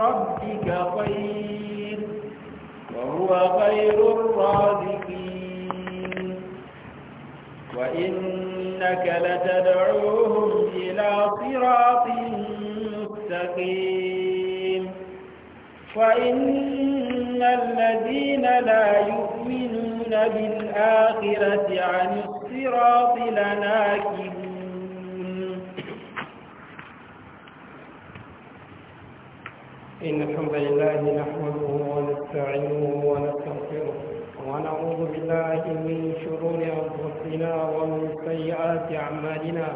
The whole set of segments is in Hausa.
ربك خير وهو خير الرازقين وإنك لتدعوهم إلى صراط مستقيم وإن الذين لا يؤمنون بالآخرة عن الصراط لناكبون إن الحمد لله نحمده ونستعينه ونستغفره ونعوذ بالله من شرور أنفسنا ومن سيئات أعمالنا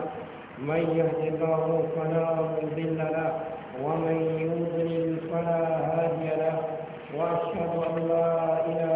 من يهد الله فلا مضل له ومن يضلل فلا هادي له وأشهد أن لا إله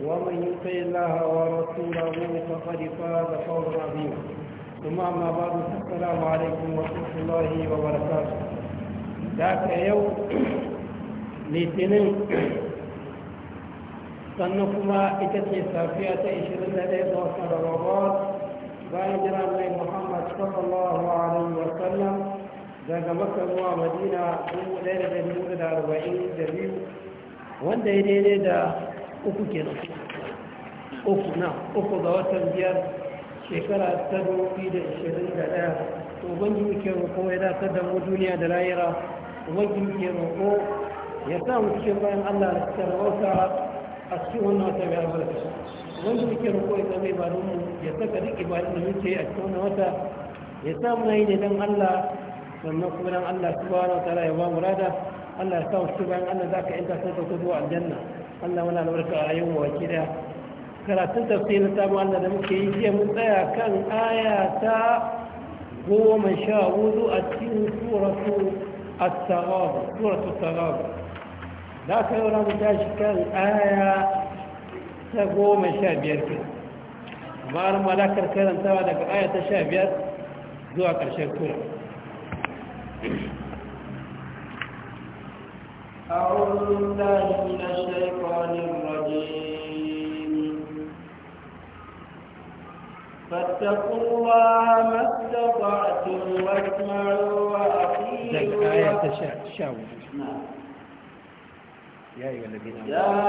ومن يطع الله ورسوله فقد فاز فوزا عظيما ثم اما بعد السلام عليكم ورحمه الله وبركاته ذاك يوم لسنين سنكما اتتي صافية 21 رمضان بين جنابي محمد صلى الله عليه وسلم ذاك مكة ومدينة ليلة 42 جميل وانت يدي uku kenan uku na uku ga watan biyar shekara ta dubi da ishirin da ɗaya to ubangiji muke roƙo ya dace da mu duniya da layira ubangiji muke roƙo ya sa mu cikin bayan allah da suka rawauta a cikin wannan wata mai albarka ubangiji muke roƙo ya zama ibadun mu ya saka duk ibadun da muke a cikin wannan wata ya sa mu na yi ne don allah sannan kuma dan allah subhanahu wa ta'ala ya ba mu rada allah ya sa mu cikin bayan allah za ka yanta sai ka zuwa aljanna Allah wani albarka a yin wa da karatun tafsirin samu Allah da muke yi jiya mun tsaya kan aya ta goma sha hudu a cikin suratu su taghabun suratu at-taghabun da aka yi wani tashi kan aya ta goma sha biyar ke ma'ar malakar karantawa daga aya ta sha biyar zuwa ƙarshen sura أعوذ بالله من الشيطان الرجيم فاتقوا الله ما استطعتم واسمعوا وأطيعوا آية تشاور يا أيها الذين يا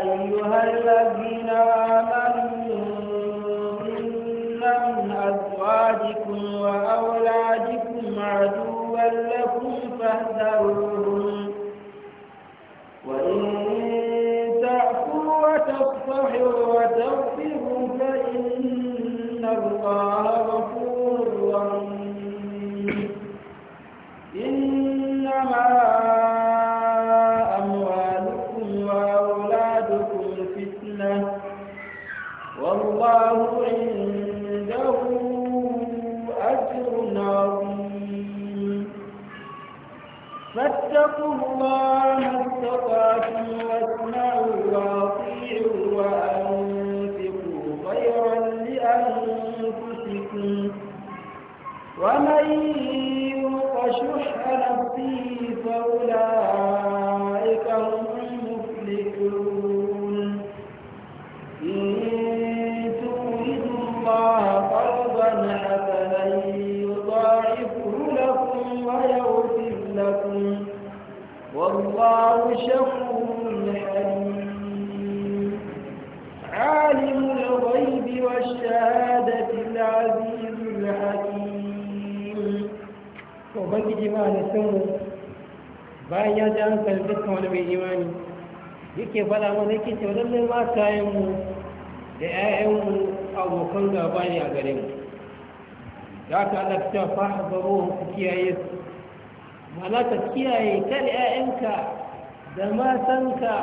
أيها الذين آمنوا إن من أزواجكم وأولادكم عدوا لكم فاهذروهم تصفح وتغفر فإن الله غفور رحيم إنما أموالكم وأولادكم فتنة والله عنده أجر عظيم فاتقوا الله ما استطعتم واسمعوا واطيعوا وأنفقوا خيرا لأنفسكم ومن يوق شح نفسه فأولئك هم المفلحون إن تؤمنوا الله قرضا حسنا يضاعفه لكم ويغفر لكم والله شكور karatunmu bayan ya ji hankali dukkan wani mai imani yake faɗa mana yake ce lallai matayenmu da 'ya'yanmu abokan gaba ne a gare mu da aka Allah ta fahimtaro ku kiyaye su mana ka kiyaye kan 'ya'yanka da matanka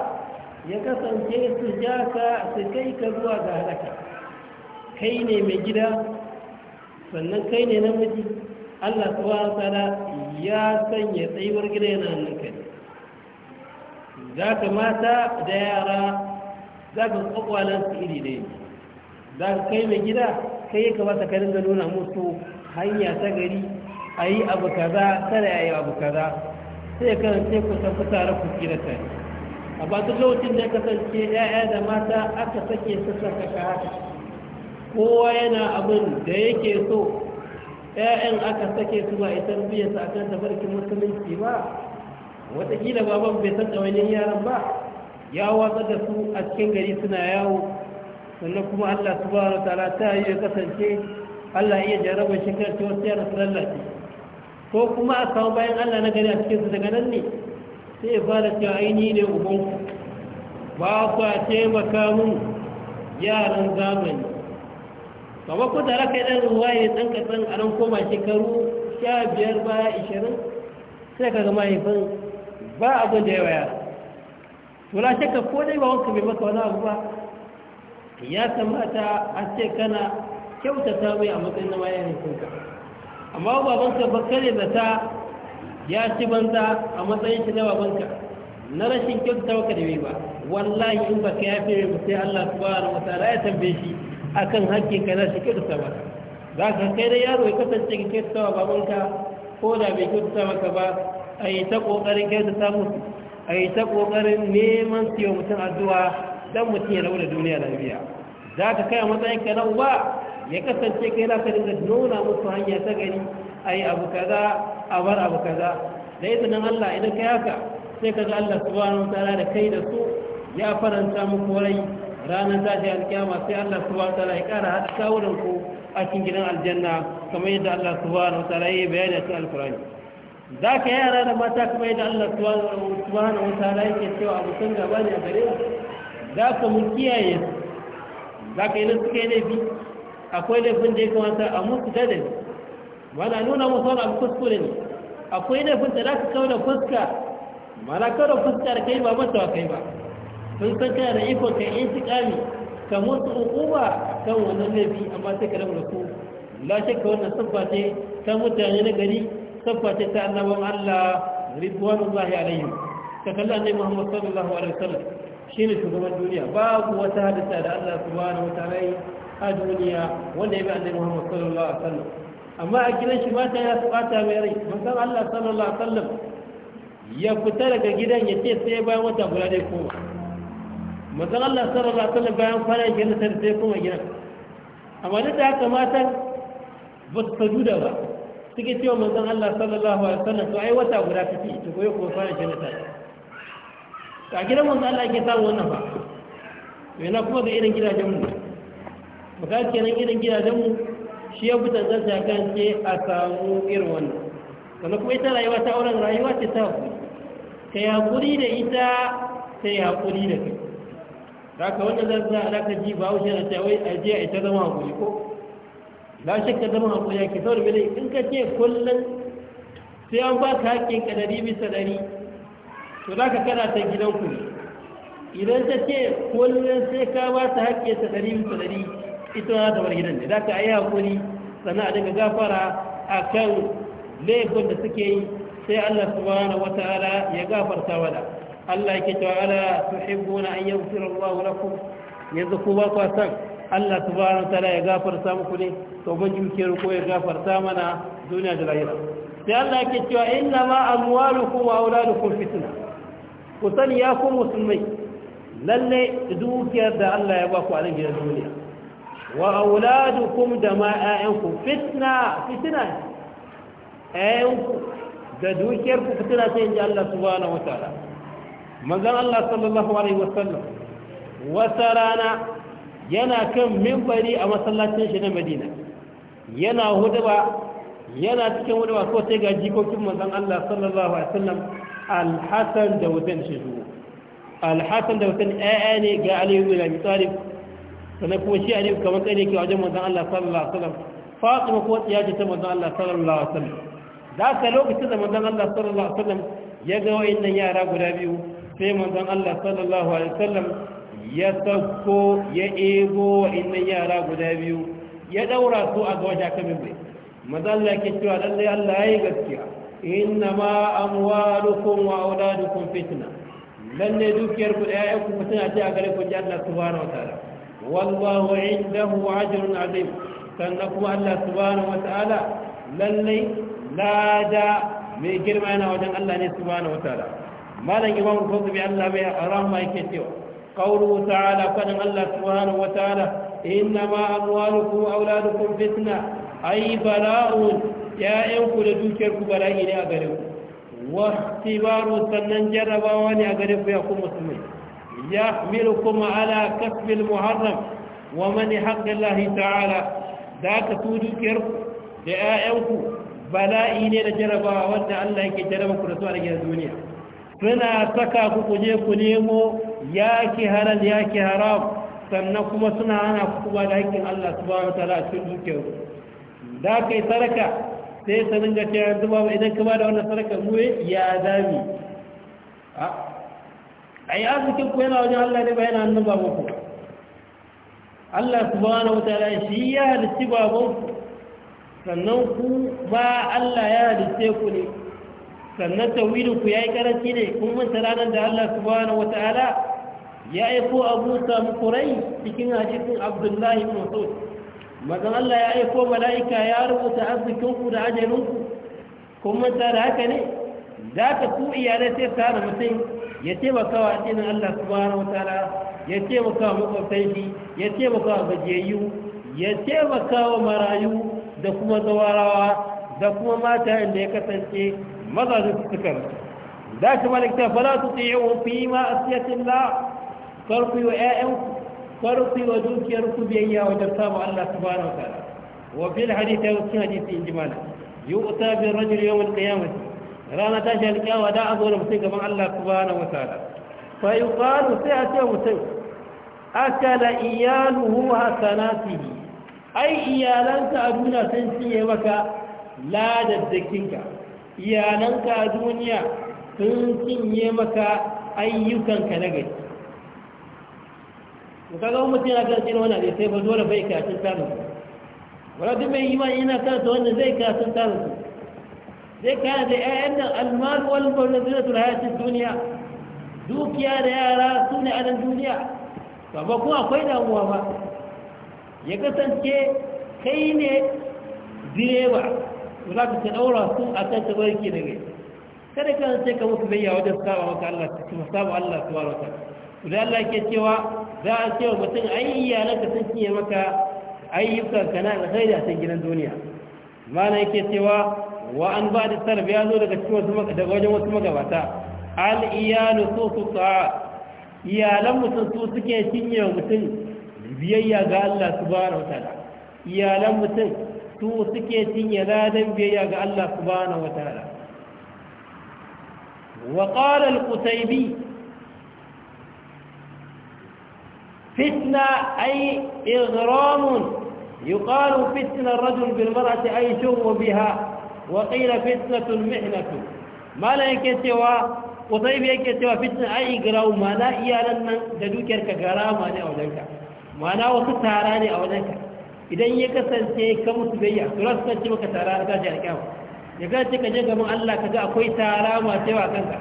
ya kasance su ja ka su kai ka zuwa ga halaka kai ne mai gida sannan kai ne namiji Allah subhanahu ta'ala ya sanya tsayuwar gida yana hannun za ka mata da yara za ka kwakwalan su iri ne za ka kai mai gida kai ya kamata ka ringa nuna musu hanya ta gari a yi abu kaza kada ya yi abu kaza sai ka sai ku tafi tare ku ta yi a ba lokacin da ya kasance ya'ya da mata aka sake su saka haka kowa yana abin da yake so ƴaƴan aka sake su ba a biyan su kan tafarkin musulunci ba wataƙila baban bai san ɗawainin yaran ba ya watsa da su a cikin gari suna yawo sannan kuma allah su ba wa ta'ala ta yi ya kasance allah iya jaraba shi kan cewa yara su lallace ko kuma a samu bayan allah na gari a cikin su daga nan ne sai ya fara cewa aini ne ubanku ba ku a taimaka mun yaran zamani kama ko da raka ɗan ruwaye ɗan kasan a nan koma shekaru sha biyar ba ishirin sai ka ga mahaifin ba abin da yawa yara tuna shakka ko dai ba wanka mai maka wani abu ba ya kamata a ce kana kyautata mai a matsayin na ka amma babanka ba kare da ta ya ci banza a matsayin shi na babanka na rashin kyautata ka da bai ba wallahi in ba ka yafe mai sai Allah subhanahu wa ta'ala ya tambaye shi akan hakkin ka na shi kyautata maka za ka kai da yaro ya kasance ka kyautata wa babanka ko da bai kyautata maka ba a yi ta ƙoƙarin kyautata musu a yi ta ƙoƙarin neman siyo mutum addu'a don mutum ya rauna duniya lafiya za ka kai a matsayin ka na uba ya kasance kai na ka dinga nuna musu hanya ta gari a yi abu kaza a bar abu kaza da izinin allah idan ka haka sai ka ga allah subhanahu wa ta'ala da kai da su ya faranta muku rai ranar tashi alkiyama sai Allah subhanahu wataala ya kara hada kawunan ku a cikin gidan aljanna kamar yadda Allah subhanahu wataala yi bayani a cikin alkurani za ka yi yara da mata kamar yadda Allah wata wataala ke cewa abokan gaba ne a gare za ka mun kiyaye su za ka yi na suka yi laifi akwai laifin da ya kamata a musu da dai mana nuna musu wani abu kuskure ne akwai laifin da za ka kawo da fuska mana kawo da fuska da kai ba masa wa kai ba Mun san kana da iko ka yi intiƙami ka musu hukuma kan wannan laifi amma sai ka rabu da su la shakka wannan sabba ce ta mutane na gari sabba ce ta annabawan Allah ridwanullahi alaihim ka kalli annabi Muhammad sallallahu alaihi wasallam shine shugaban duniya babu wata hadisa da Allah subhanahu wataala a duniya wanda ya bi annabi Muhammad sallallahu alaihi wasallam amma a gidan shi mata ya tsata mai rai san Allah sallallahu alaihi wasallam ya fita daga gidan ya ce sai bayan wata guda dai koma mazan Allah sallallahu alaihi wasallam bayan kwana biyar da sai kuma gidan amma duk da haka matan ba su da ba suke cewa mazan Allah sallallahu alaihi wasallam to ai wata guda kake to goyi kuma kwana gina da ta gina mazan Allah yake samu wannan ba to yana kuma da irin gidajen mu baka kenan irin gidajen mu shi ya fitar da ta kan ce a samu irin wannan sannan kuma ita rayuwa ta auren rayuwa ce ta hakuri ka yi hakuri da ita ta yi hakuri da kai haka wanda zan sa alaka ji ba wuce na tawai a je a ita zama hakuri ko ba shi ka zama hakuri ya ke saurin bilai in ka ce kullum sai an ba ka haƙƙin ka dari bisa dari to za ka kana ta gidan ku idan ta ce kullum sai ka ba ta haƙƙin ta dari bisa dari ita na zama gidan ne za ka yi hakuri sannan a daga gafara a kan laifin da suke yi sai allah subhanahu ta'ala ya gafarta wada Allah yake cewa ala tuhibbuna an yaghfira Allah lakum yanzu ku ba ku san Allah subhanahu wa ta'ala ya gafarta muku ne to banji muke roƙo ya gafarta mana duniya da lahira sai Allah yake cewa inna ma amwalukum wa auladukum fitna ku san ya ku musulmai lalle dukiyar da Allah ya ba ku a nan gidan duniya wa auladukum da ma ƴaƴanku fitna fitna ƴaƴanku da dukiyar ku fitna sai in ji Allah subhanahu wa ta'ala manzon Allah sallallahu alaihi wasallam wata rana yana kan mimbari a masallacin shi na Madina yana huduba yana cikin huduba ko sai ga jikokin manzon Allah sallallahu alaihi wasallam al da wutan shi zuwa al da wutan ayya ne ga Ali da Abi Talib sannan kuma shi Ali kamar kai ne ke wajen manzon Allah sallallahu alaihi wasallam Fatima ko tsiya ce ta manzon Allah sallallahu alaihi wasallam za ka lokacin da manzon Allah sallallahu alaihi wasallam ya ga wayannan yara guda biyu sai manzon Allah sallallahu alaihi wasallam ya sauko ya ego wa innan yara guda biyu ya daura su a gawa shaka mimbai manzon Allah ke cewa lallai Allah yayi gaskiya inna ma amwalukum wa auladukum fitna lallai dukiyar ku da ku mutuna ce a gare ku ji Allah subhanahu wataala wallahu indahu ajrun azim sannan kuma Allah subhanahu wataala lalle lada mai girma yana wajen Allah ne subhanahu wataala malam imam qurtubi Allah bai rahma yake cewa qawluhu ta'ala fadin Allah subhanahu wa ta'ala ma innama amwalukum auladu auladukum fitna ay bala'un ya'yanku da dukiyarku bala'i ne a gare ku wa tibaru sannan jarrabawa ne a gare ku ya ku musulmai ya kuma ala kasbil muharram wa mani haƙƙillahi ta'ala da ka su dukiyarku da 'ya'yanku bala'i ne da jarrabawa wanda Allah yake jaraba ku da su a rage duniya suna saka ku kuje ku nemo yaki halal yaki haram sannan kuma suna hana ku kuma da hakkin Allah subhanahu wataala a cikin dukiyar da kai saraka sai ta dinga ce yanzu ba idan ka ba da wannan saraka mu ya dami a yi arzikin ku yana wajen Allah ne ba yana hannun baban ku Allah subhanahu wataala shi ya halitti baban ku sannan ku ba Allah ya halitte ku ne sannan tawilin ku yayi karanci ne kun manta ranar da Allah subhanahu ta'ala ya aiko Abu Sam Qurai cikin hadisin Abdullahi ibn Mas'ud mazan Allah ya aiko mala'ika ya rubuta arzikin ku da ajalin kun manta da haka ne za ka ku iyalai sai da mutum ya taimaka wa addinin Allah subhanahu ta'ala ya taimaka wa makwabtan shi ya taimaka wa gajiyayyu ya taimaka wa marayu da kuma zawarawa da kuma mata inda ya kasance mazaje su suka rasu da shi malik ta fara su tsaye wa fi ma a asiyatin la karku yi wa ƴaƴan karku yi wa dukiyar ku biyayya wajen samun Allah subhanahu wa ta'ala wa fil hadith ya wasu hadisi in ji mana yu'ta bi rajul yawm al-qiyamah rana ta shi kyawa da azo da mutum gaban Allah na wa ta'ala fa yuqalu sai a ce mutum Aka akala iyaluhu hasanatihi ai iyalanka a duniya sun ciye maka ladaddakinka iyalanka a duniya sun cinye maka ayyukanka na gari ka ga mutum yana kan wani wannan sai ba dole bai kafin tarin su Wani duk mai ma yana kan wanda zai kafin tarin su zai kana da ƴaƴan nan almal wal zai zinatul hayatid duniya dukiya da yara su ne nan duniya ba ba kuma akwai damuwa ba ya kasance kai ne direba to za ka ta daura sun a kan ta barki da ne kada ka sai ka mutu bayya wajen saba maka Allah su kuma saba Allah ta wata Idan Allah ke cewa za a cewa mutum ayya na ka sun kiyaye maka ayyukan ka na da ta gidan duniya mana yake cewa wa an ba da salaf ya zo daga cikin daga wajen wasu magabata al iyalu su su ta'a iyalan mutum su suke cinye mutum biyayya ga Allah subhanahu wa ta'ala iyalan mutum su suke cinye ladan biyayya ga Allah subhanahu wataala wa qala al-qutaybi fitna ay يقال فتنة الرجل بالمرأة أي شغل بها وقيل فتنة المحنة ما لا يكتوى وطيب يكتوى فتنة أي إغرام ما لا إيالا من جدوكر كقرام أنا أولنك ما لا وقت تاراني أولنك idan ya kasance ka mutu bayya to za su kasance maka tara a tashi alƙiyama ya kasance ka je gaban Allah ka ga akwai tara masu yawa kanka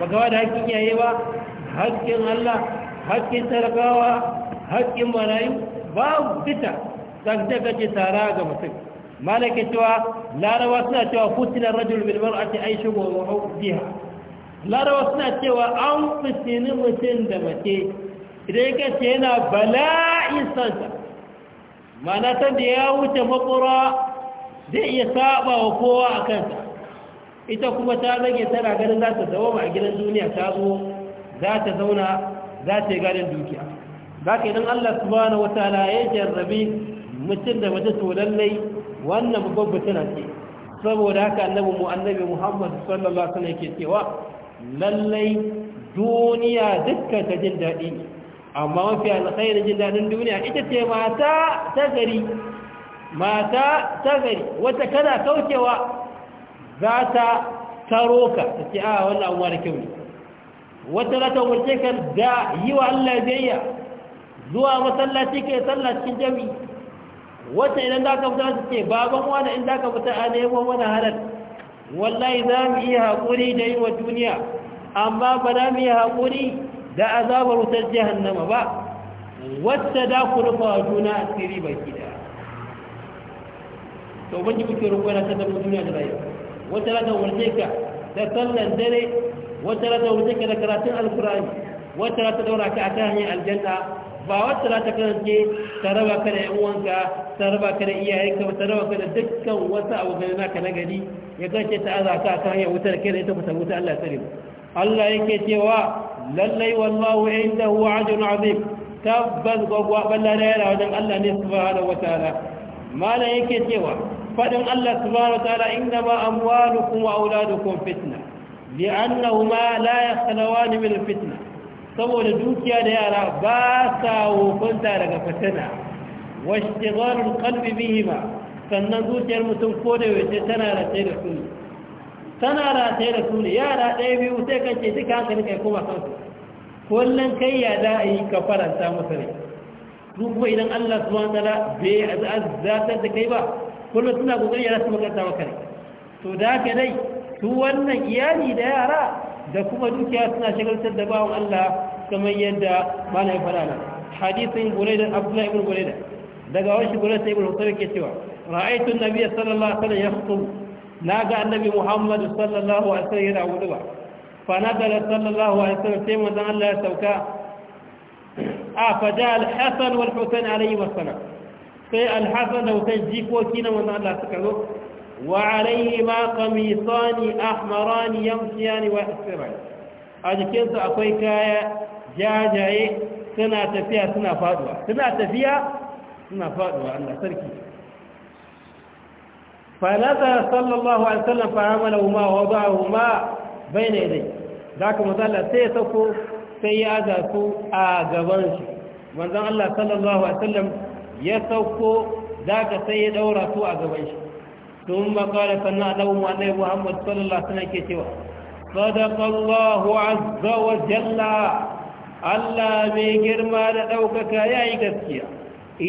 ba gawa da hakkin iyaye ba hakkin Allah hakkin talakawa hakkin marayu babu fita za ka ka ce tara ga mutum malaka cewa larawa suna cewa futinar rajul bil mar'ati aishu wa hawdiha larawa suna cewa an fitini mutum da mace idan ya kasance yana bala'in sansa ma'ana sanda ya wuce makura zai iya saba wa kowa a kansa ita kuma ta zage tana ganin za ta dawo a gidan duniya ta zo za ta zauna za ta yi gadon dukiya za ka idan allah subhanahu wa ta'ala ya jarrabi mutum da mace to lallai wannan babban fitina ce saboda haka annabi mu annabi muhammad sallallahu alaihi wasallam yake cewa lallai duniya dukkan ta jin daɗi amma mafi alkhairin jin daɗin duniya ita ce mata ta gari mata ta gari wata kana kaucewa za ta taro ka ta ce a ah, wannan abuwa da kyau ne wata za ta wurce ka da yi wa Allah biyayya zuwa masallaci ke sallah cikin jami wata idan za ka fita ta ce baban wani in za ka fita a nemo wani halar wallahi za mu iya haƙuri da yi wa duniya amma ba za mu iya haƙuri da azabar wutar jihannama ba wacce da ku rufa wa juna asiri baki da to ban ji kuke rubuwa ta zama duniya da rayuwa wata rata warce ka da sallan dare wata rata warce ka da karatun alkurani wata rata daura ka a ta hanyar aljanna ba wata rata kasance ta raba ka da yan uwanka ta raba ka da iyayenka ta raba ka da dukkan wasu abokan naka na gari ya kace ta azaka a ta hanyar wutar kai da ita ku samu ta Allah ya tsare Allah yake cewa lallai wallahu indahu ajrun azim tabbas gwagwaban da yara, wajen Allah ne subhanahu wataala malam yake cewa fadin Allah subhanahu wataala innama amwalukum wa auladukum fitna li'annahuma la yakhlawan min fitna saboda dukiya da yara ba sa wofinta daga fitina washtighalul qalbi bihima sannan zuciyar mutum ko da yace tana da sai da su tana rataye da su ne yara ɗaya biyu sai kan ce duka hankali kai kuma kansu kullum kai ya da a yi ka faranta musu ne su kuma idan allah su wani tsara bai zatar da kai ba kullum suna kokarin yara su makarta maka ne to da haka dai su wannan iyali da yara da kuma dukiya suna shagaltar da bawan allah kamar yadda malai fara nan hadisin da abdullahi ibn guraidar daga wasu sai ibn hussar ke cewa ra'aitun nabiya sallallahu alaihi wasallam ya na ga annabi muhammad sallallahu alaihi wasallam yana wuduba fa nazala sallallahu alaihi wasallam sai manzon Allah ya sauka a faja al-hasan wal husain alaihi wasallam sai al-hasan da husain jikoki na manzon Allah suka zo wa alaihi ma qamisani ahmarani yamsiyani wa yasirani a jikinsu akwai kaya jajaye suna tafiya suna faduwa suna tafiya suna faduwa Allah sarki فنزل صلى الله عليه وسلم فعملهما ووضعهما بين يديه ذاك مثلا سيسكو سيأذاكو آقبانش منذ الله صلى الله عليه وسلم يسكو ذاك سيد أوراتو آقبانش ثم قال فنا لهم أنه محمد صلى الله عليه وسلم كتوى صدق الله عز وجل الله بجرما لأوكك يا إكسكيا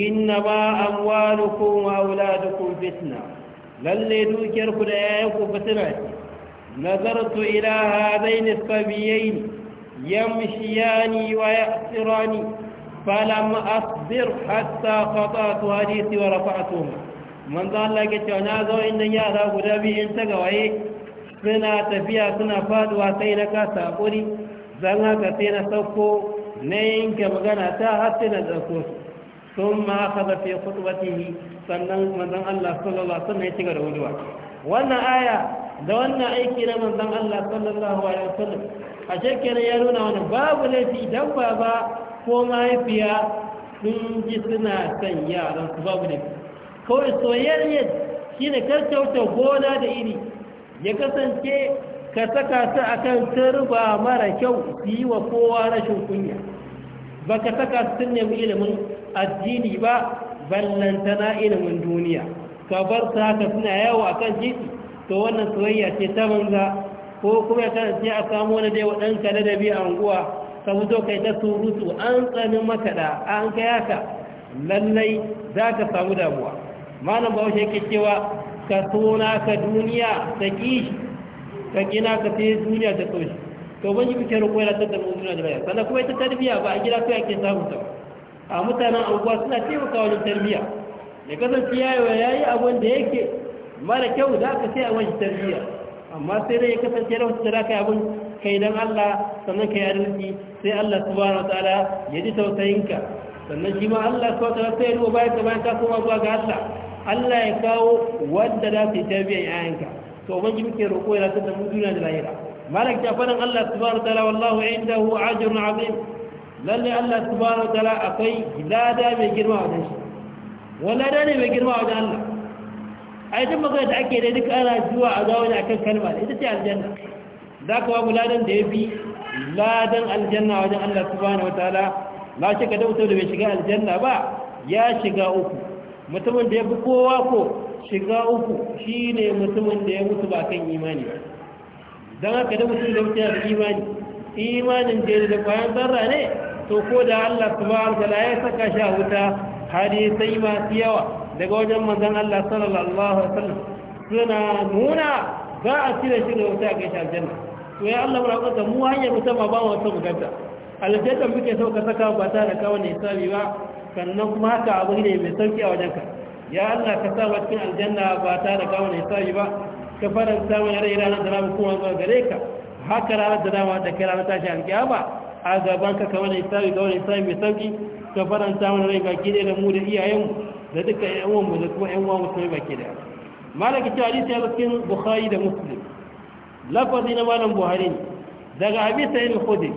إنما أموالكم وأولادكم فتنه lalle dukiyarku da yayanku fitina ce nazartu ila hadaini sabiyaini yamshiyani wa ya'sirani falam asbir hatta qata'tu hadisi wa rafa'tuhuma manzo Allah ke cewa na zo inda yara guda biyu in ta gawaye suna tafiya suna faduwa sai na kasa hakuri zan haka sai na sauko na yanke magana ta hatta na ɗauko ثم أخذ في خطبته sannan manzan Allah sallallahu ala'uwa sannan ya ci gaba da huduwa wannan aya da wannan aiki na manzan Allah sallallahu ala'uwa sannan a shekere ya nuna wani babu laifi dan baba ko mahaifiya sun ji suna san yaran su babu laifi kawai soyayyar shine karkauta gona da iri ya kasance ka saka su kan turba mara kyau su yi wa kowa rashin kunya ba ka saka su sun nemi ilimin addini ba ballantana ilimin duniya ka bar ta haka suna yawo a kan titi to wannan soyayya ce ta banza ko kuma ya ce a samu wani dai waɗanka ladabi a unguwa ka fito kai ta surutu an tsanin makaɗa an ka ka lallai za ka samu damuwa malam Ba wace yake cewa ka tona ka duniya ta ƙi ka gina ka sai duniya ta so to ban yi kuke rukwai na tattalin duniya da bayan sannan kuma ita tarbiyya ba a gida kai ake samun ta ba a mutanen abubuwa suna taimaka wajen tarbiyya da kasance ya yi wa ya yi abin da yake mara kyau za ka sai a wajen tarbiyya amma sai dai ya kasance da wasu tara ka abin kai don allah sannan ka yi arziki sai allah subhanahu na ta'ala ya ji tausayinka sannan shi ma allah su wa ta'ala sai ya duba bayan ka bayan ka koma zuwa ga allah allah ya kawo wanda za su yi tarbiyyar 'ya'yanka to ubangiji muke roƙo ya rasu da mu da lahira مالك جعفر الله سبحانه وتعالى hu عنده اجر عظيم lalle Allah subhanahu wataala akwai lada mai girma wajen shi wani lada ne mai girma wajen Allah a yi magana da ake da duk ana zuwa a zawo ne akan kalma ita ce aljanna za ka babu ladan da ya fi ladan aljanna wajen Allah subhanahu wataala ba shi ka dautar da bai shiga aljanna ba ya shiga uku mutumin da ya fi kowa ko shiga uku shine mutumin da ya mutu ba kan imani ba don haka da mutum da mutum da imani imanin da ya da kwayan zarra ne to ko da Allah subhanahu wa ya saka shi a wuta hadisai masu yawa daga wajen manzon Allah sallallahu alaihi wasallam suna nuna za a cire shi da wuta ga shi aljanna to ya Allah muna kusa mu hanyar wuta ma ba wata bukata aljanna muke so ka saka ba ta da kawai ne sabi ba sannan kuma haka abu ne mai sauki a wajenka ya Allah ka sa mu cikin aljanna ba ta da kawai ne sabi ba ka faranta mana rai ranar da na kuma zuwa gare ka haka ranar da dama da kai ranar tashi ba. a gaban ka kamar da ga wani isabi mai sauki ka faranta mana rai baki ɗaya da mu da iyayen da duka ƴan uwan mu da kuma ƴan uwan musulmi baki ɗaya malaki ta hadisi ya cikin bukhari da muslim lafazi na malam buhari daga abi sa'id al-khudri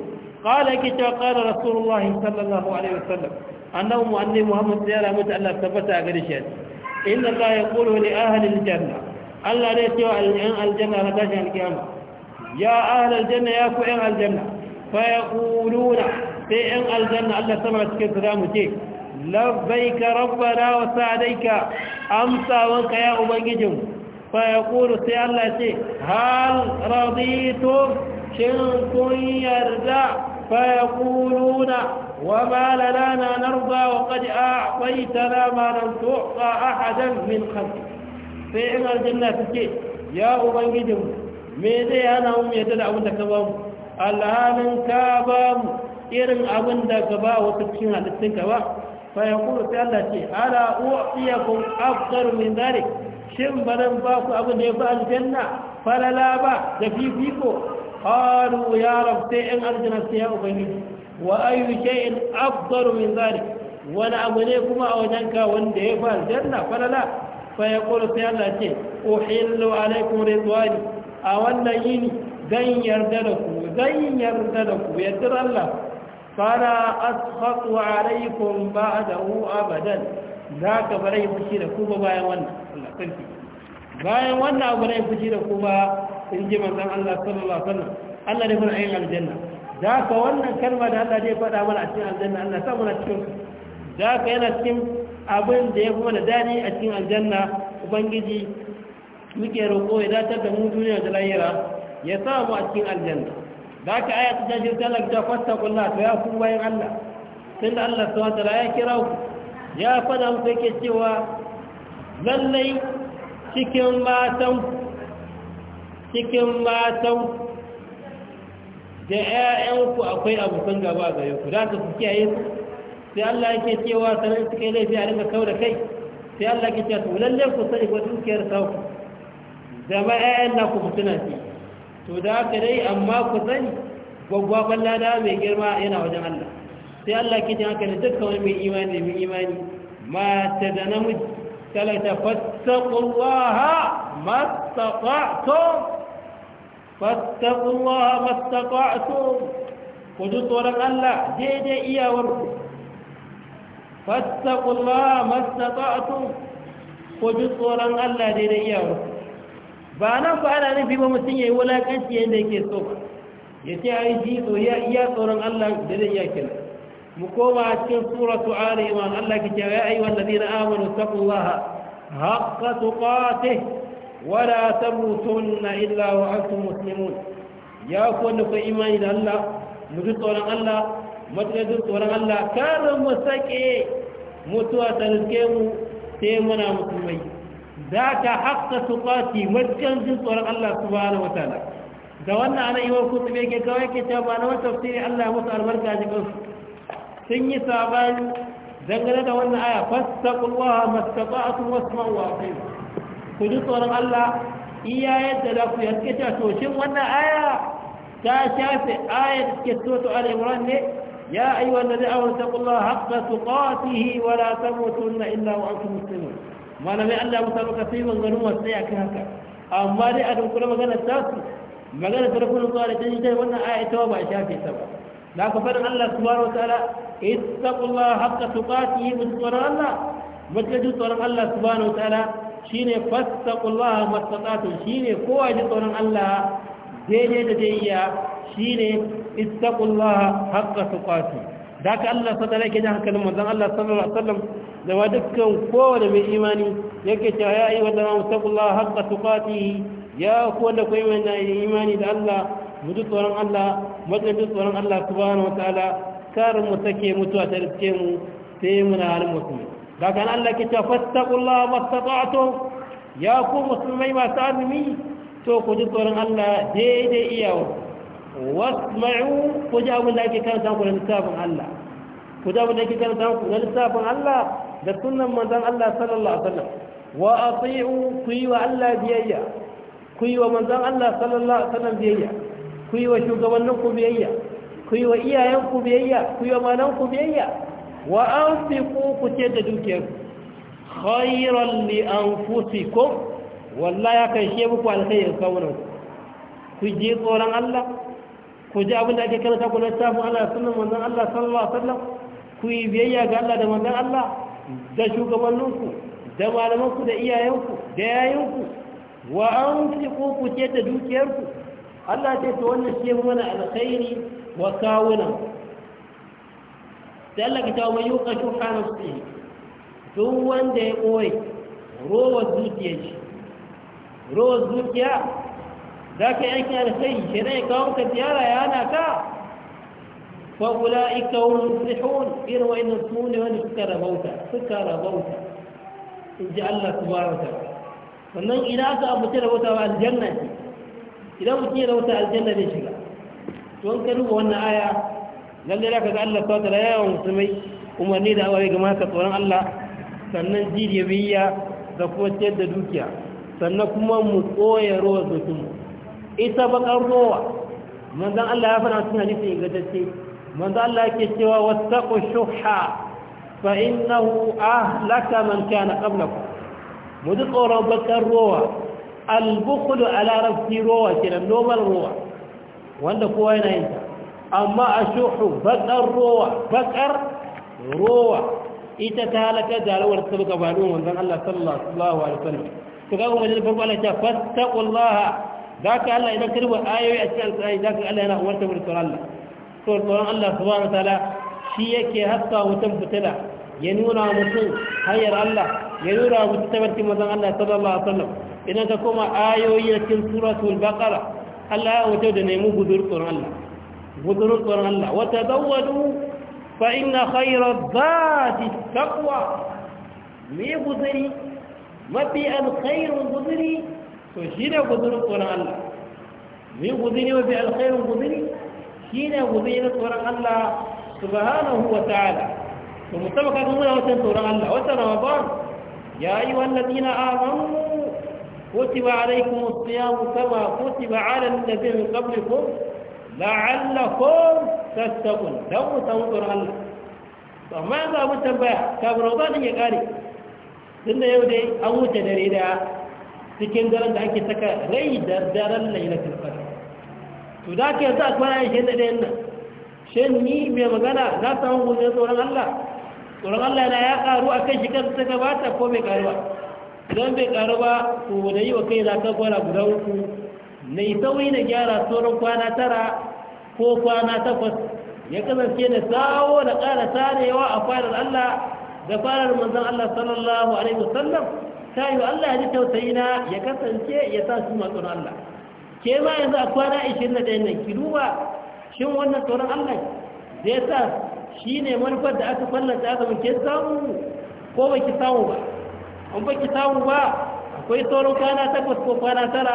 qala kita qala rasulullah sallallahu alaihi wasallam annahu mu'anni muhammad ya rahmatu allah tabbata a gare shi inna allah yaqulu li ahli al-janna allah ne cewa al-janna na tashin al-qiyama ya ahli al ya ku ƴan aljanna. fayakuluna sai yan aljanna Allah sama cike su za mu ce labbaika rabbana wa sa'daika amsawan ka ya ubangijin fayakulu sai Allah ya ce hal raditu shin kun yarda fayakuluna wa ma lana na narda wa qad a'taytana ma lam tu'ta ahadan min qabl sai yan aljanna suke ya ubangijin me zai yana mu yadda da abin da ka ba alhalin ka ba mu irin abin da ka ba wata cikin halittun ka ba fa ya kuma sai Allah ce ala uwa afdar min dhalik shin ba zan ba ku abin da ya fi aljanna falala ba da fifiko Haru ya rabta yan aljanna sai ya ubangiji wa ayu shay'in afdar min dhalik wani abu ne kuma a wajenka wanda ya fi aljanna falala fa ya kuma sai Allah ce uhillu alaikum ridwani a wannan yini dan yarda da ku zan yarda da ku yardar Allah fara asfatu alaikum ba'dahu abadan za ka bare fushi da ku bayan wannan Allah sarki bayan wannan abu ne fushi da ku ba in ji manzon Allah sallallahu alaihi wasallam Allah ne mun ayin aljanna za ka wannan kalma da Allah zai faɗa mana a cikin aljanna Allah sa muna cikin za ka yana cikin abin da ya fi mana daɗi a cikin aljanna ubangiji muke roƙo ya datar da mu duniya da lahira ya sa mu a cikin aljanna da ka aya ta jajir talabta fasta kulla to ya ku bayan Allah tun da Allah su wata ya kira ku ya fada musu yake cewa lallai cikin matan cikin matan da ƴaƴanku akwai abokan gaba a gare ku da ka ku kiyaye su sai Allah yake cewa sanar su kai laifi a rinka kau da kai sai Allah yake cewa to lallai ku sani ko dukiyar sauku Zama ƴaƴan na ku mutuna ce to da haka dai amma ku sani gwaggwaban lada mai girma yana wajen Allah sai Allah ke haka da dukkan wani mai imani da mai imani ta da namiji talata fattaqullaha mastata'tum fattaqullaha mastata'tum ku ji tsoron Allah daidai iyawarku fattaqullaha mastata'tum ku ji tsoron Allah daidai iyawarku ba nan fa ana nufi ba mutum ya yi wulaƙanci yadda yake so ba ya ce a yi ji tsoriya iya tsoron allah da zai iya kira mu koma cikin suratu ali imam allah ki ce ya ayi wallazi na amanu taqullaha haqqa wada wa la na illa wa antum muslimun ya ku wanda ku imani da allah mu ji tsoron allah matuƙar jin tsoron allah kar mu sake mutuwa ta riske mu sai muna musulmai za ta haƙƙa tuƙati wajen jin tsoron Allah subhanahu wa ta'ala da wannan ana yi wa kutubi ke kawai ke ta ba na wata tafsiri Allah ya musu albarka ji kansu sun yi sabani dangane da wannan aya fastaqullaha mastata'tum wasma'u wa atiyu ku ji tsoron Allah iya yadda za ku yanke ta to shin wannan aya ta shafe ayat ke so to al-imran ne يا أيها الذين آمنوا اتقوا الله حق ta mutu na illa وأنتم مسلمون malamai Allah musa maka sai manzannin wasu sai akan haka amma dai a dunkule maganar tasu maganar tarkunan zuwa da jin kai wannan aya ita ba a shafe ta ba da aka faɗin Allah subhanahu wa ta'ala ittaqullah haqqa tuqatihi min tsoron Allah mutlaqin tsoron Allah su subhanahu wa ta'ala shine fattaqullah mastata'tum shine kowa ji tsoron Allah daidai da daiya shine ittaqullah haqqa tuqatihi da ka Allah sallallahu alaihi wa sallam Allah sallallahu alaihi wa da ma dukkan kowane mai imani yake cewa ya ayyuka da mu taqullaha haqqa tuqatihi ya ku wanda na yi imani da Allah mu duk tsoron Allah matsayin duk tsoron Allah su subhanahu wataala kar mu take mutuwa ta riske mu sai muna halin musulmi da kan Allah ke cewa fattaqullaha mastata'tum ya ku musulmai masu azumi to ku duk tsoron Allah daidai iyawa wasma'u ku ji abin da ake kan samu da lissafin Allah ku ji abin da ake kan samu da lissafin Allah da sunan manzon Allah sallallahu alaihi wasallam wa ati'u ku yi wa Allah biyayya ku yi wa manzon Allah sallallahu alaihi wasallam biyayya ku yi wa shugabannin ku biyayya ku yi wa iyayenku biyayya ku yi wa malan biyayya wa anfiqu ku ce da dukiyar khayran li ko. wallahi ya kai shi muku alkhairin sauran ku ji tsoron Allah ku ji abin da ake karanta ku na tafin Allah sunan manzon Allah sallallahu alaihi wasallam ku yi biyayya ga Allah da manzon Allah da shugabanninku da malamanku da iyayenku da yayinku wa an ce ta dukiyarku Allah ce ta wannan ce mana alkhairi wa kawuna. sai Allah ka tawo mai yuka shuha nafsi tun wanda ya koyi rowa zuciya ce rowa zuciya za ka yi alkhairi shi ne kawo ka ziyara ya hana ka فأولئك هم المفلحون إن وإن الصمون وإن سكر موتا سكر موتا إن جاء الله سبحانه وتعالى sannan idan aka abuce rabauta wa aljanna ce idan mutum ya rabauta aljanna zai shiga to ka duba wannan aya lallai za ka ga Allah kawai da yawan musulmai umarni da awaye ga maka tsoron Allah sannan jirya biyya da kuma ciyar da dukiya sannan kuma mu tsoye ruwa zutum ita baƙar rowa manzan Allah ya fara suna hadisi ingantacce manzo Allah yake cewa wattaqu shuhha fa innahu ahlaka man kana qablakum mu ji tsoron bakar ruwa albukulu a larabci rowa kenan normal rowa wanda kowa yana yin ta amma a shuhu bakar ruwa bakar ruwa ita ta halaka da alawar ta buga ba don wanzan Allah sallallahu alaihi wasallam to ga kuma jin farko Allah ta fattaqullaha zaka Allah idan karba ayoyi a cikin alƙur'ani zaka Allah yana umarta mu da tsoron Allah so tsoron Allah subhanahu wataala shi yake haska mutum fitila ya nuna wa mutum hanyar Allah ya nuna wa mutum tabarkin mazan Allah sallallahu alaihi wasallam idan ka koma ayoyi na cikin suratul baqara Allah ya wuce da nemi gudur tsoron Allah gudur tsoron Allah wa tazawwadu fa inna khayra dhati taqwa me guduri mafi alkhairun guduri to shi ne gudurin tsoron Allah me guduri mafi alkhairun guduri shi ne guzuri na tsoron Allah subhanahu wa ta'ala to musamman kaga muna watan tsoron Allah watan Ramadan ya yi wallazina amanu kutiba alaikum as-siyam kama kutiba ala alladhina min qablikum la'allakum tattaqun dan mu san tsoron Allah to amma za mu tambaya kafin Ramadan ya kare tunda yau dai an wuce dare da cikin daren da ake saka rai da daren lailatul qadr to da za yanzu akwai ranar shi da ɗayan nan shi ni mai magana za na samun ne tsoron allah tsoron allah yana ya karu a kai shi kan ta gabata ko bai karu ba bai karu ba ko da yi wa kai na kan kwana guda uku na yi sauyi na gyara tsoron kwana tara ko kwana takwas ya kasance da sawo da ƙara tarewa a farar allah da farar manzan allah sallallahu alaihi wasallam ta yi allah ya ji tausayi na ya kasance ya sa su tsoron allah ke ma yanzu a kwana 21 nan ki duba shin wannan tsoron Allah zai sa shi ne manufar da aka fallanta aka muke samu ko ba ki samu ba an ba ki samu ba akwai sauran kwana takwas ko kwana tara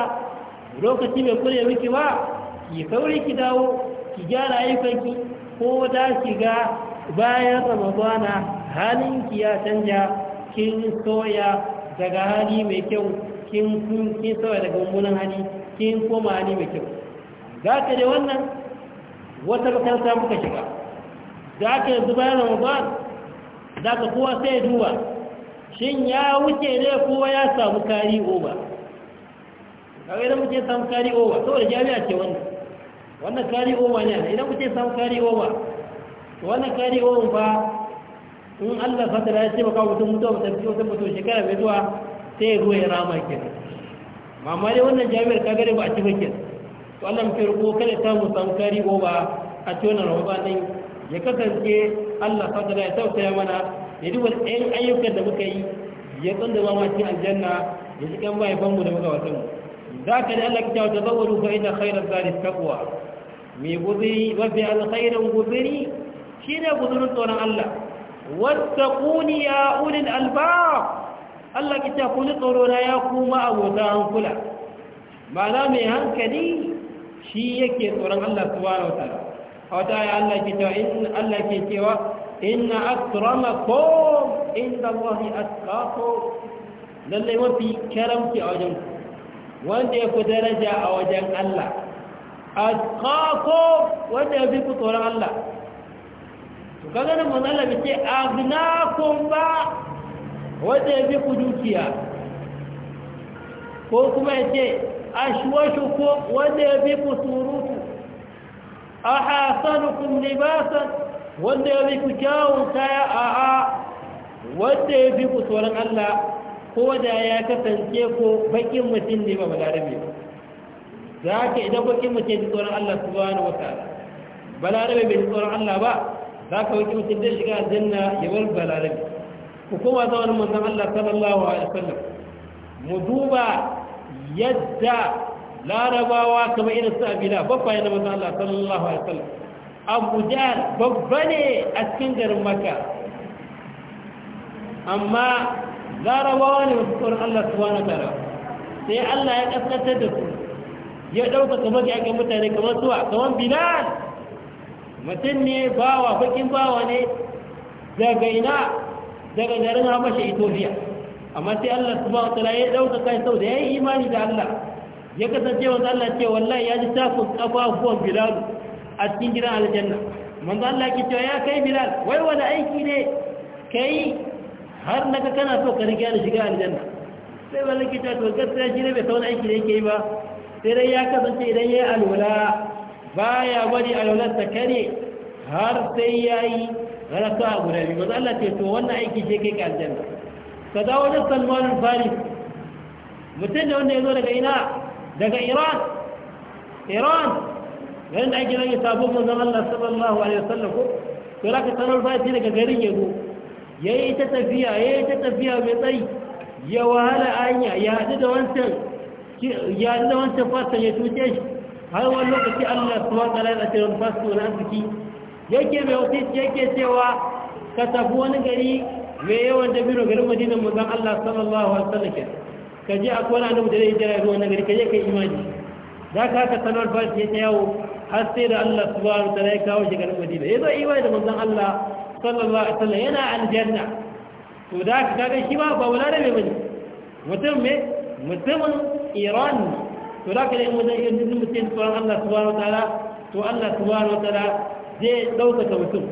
lokaci mai kure miki ba ki kauri ki dawo ki gyara ayyukanki ko da ki ga bayan ramadana halin ki ya canja kin soya daga hali mai kyau kin kun kin soya daga mummunan hali kin koma ni mai kyau za ka da wannan wata makaranta muka shiga za ka yanzu bayan ramadan za ka kowa sai duwa shin ya wuce ne kowa ya samu kari oba kawai idan muke samu kari oba saboda jami'a ce wannan wannan kari oba ne idan muke samu kari oba wannan kari oba ba in allah fatara ya ce maka mutum mutuwa mutum shekara mai zuwa sai ruwa ya rama kenan amma dai wannan jami'ar ka gare ba a ci bakin to Allah muke rubo kada ta mu samu kari ko ba a ci wannan ramadan din ya kasance Allah fadala ya tausaya mana ya duk ɗayan ayyukan da muka yi ya tsanda ma ma cikin aljanna ya ci kan bayan mu da muka wasan za ka ne Allah ki kyauta zawaru ka ina khairar zari takwa mai guziri mafi alkhairar guziri shi ne guzirin tsoron Allah wata kuniya ya ulil Allah ki ta kuni tsoro na ya kuma abota hankula ma'ana mai hankali shi yake tsoron Allah subhanahu wataala a wata ya Allah ki ta in Allah ke cewa inna akramakum inda Allah atqakum lalle mafi karamci a wajen ku. wanda ya fi daraja a wajen Allah atqakum wanda ya fi ku tsoron Allah to kaga nan manzo Allah bi ce agnakum ba wanda ya fi ku dukiya ko kuma ya ce ko wanda ya fi ku surutu ahasanukum libasan wanda ya fi ku kyawun kaya a'a wanda ya fi ku tsoron Allah ko da ya kasance ko bakin mutum ne ba balarabe za ka idan bakin mutum ne tsoron Allah subhanahu wataala balarabe bai tsoron Allah ba za ka bakin mutum zai shiga aljanna ya bar balarabe ku kuma koma zamanin manzon Allah sallallahu alaihi wasallam mu duba yadda larabawa kama irin su abila babba yana manzon Allah sallallahu alaihi wasallam Abu Jahl babba ne a cikin garin Makka amma larabawa ne masu tsoron Allah subhanahu wa ta'ala sai Allah ya kaskantar da su ya ɗauka ɗaukaka magiyakin mutane kamar suwa kamar bilal mutum ne bawa bakin bawa ne daga ina daga garin habasha ethiopia amma sai allah subhanahu wa ta'ala ya dauka kai sau da yayi imani da allah ya kasance wanda allah ce wallahi ya ji tafin kafafuwan bilal a cikin gidan aljanna manzo allah ke cewa ya kai bilal wai wani aiki ne kai har naga kana so ka riga shiga aljanna sai wani ke cewa to gaskiya shi ne bai sauna aiki da yake yi ba sai dai ya kasance idan ya yi alwala baya bari alwalar ta kare har sai ya yi a guda biyu wanda Allah ce to wannan aiki ce kai ka aljanna ka dawo wani salman faris mutum da wanda ya zo daga ina daga iran iran garin da ake zai sabon manzon Allah sallallahu alaihi wasallam ko to raka salman Fari daga garin ya zo yi ta tafiya Ya yi ta tafiya mai tsayi ya wahala anya ya haɗu da wancan ya haɗu da wancan fasa ya tuce shi har wani lokaci Allah subhanahu wa ta'ala ya tsare wani fasu wani arziki yake mai ofis yake cewa ka tafi wani gari mai yawan dabino garin madinan manzon Allah sallallahu alaihi wasallam ka je akwai wani annabi da zai jira zuwa wani gari ka je ka yi imani za ka haka sanar ba ta yawo har sai da Allah subhanahu wa ta'ala ya kawo shi garin madina yazo imani da manzon Allah sallallahu alaihi wasallam yana aljanna to da ka ga shi ba ba wala da mai bane mutum me mutumin Iran to da ka da mutum mutum tsoron Allah subhanahu wa ta'ala to Allah subhanahu wa ta'ala zai ɗaukaka mutum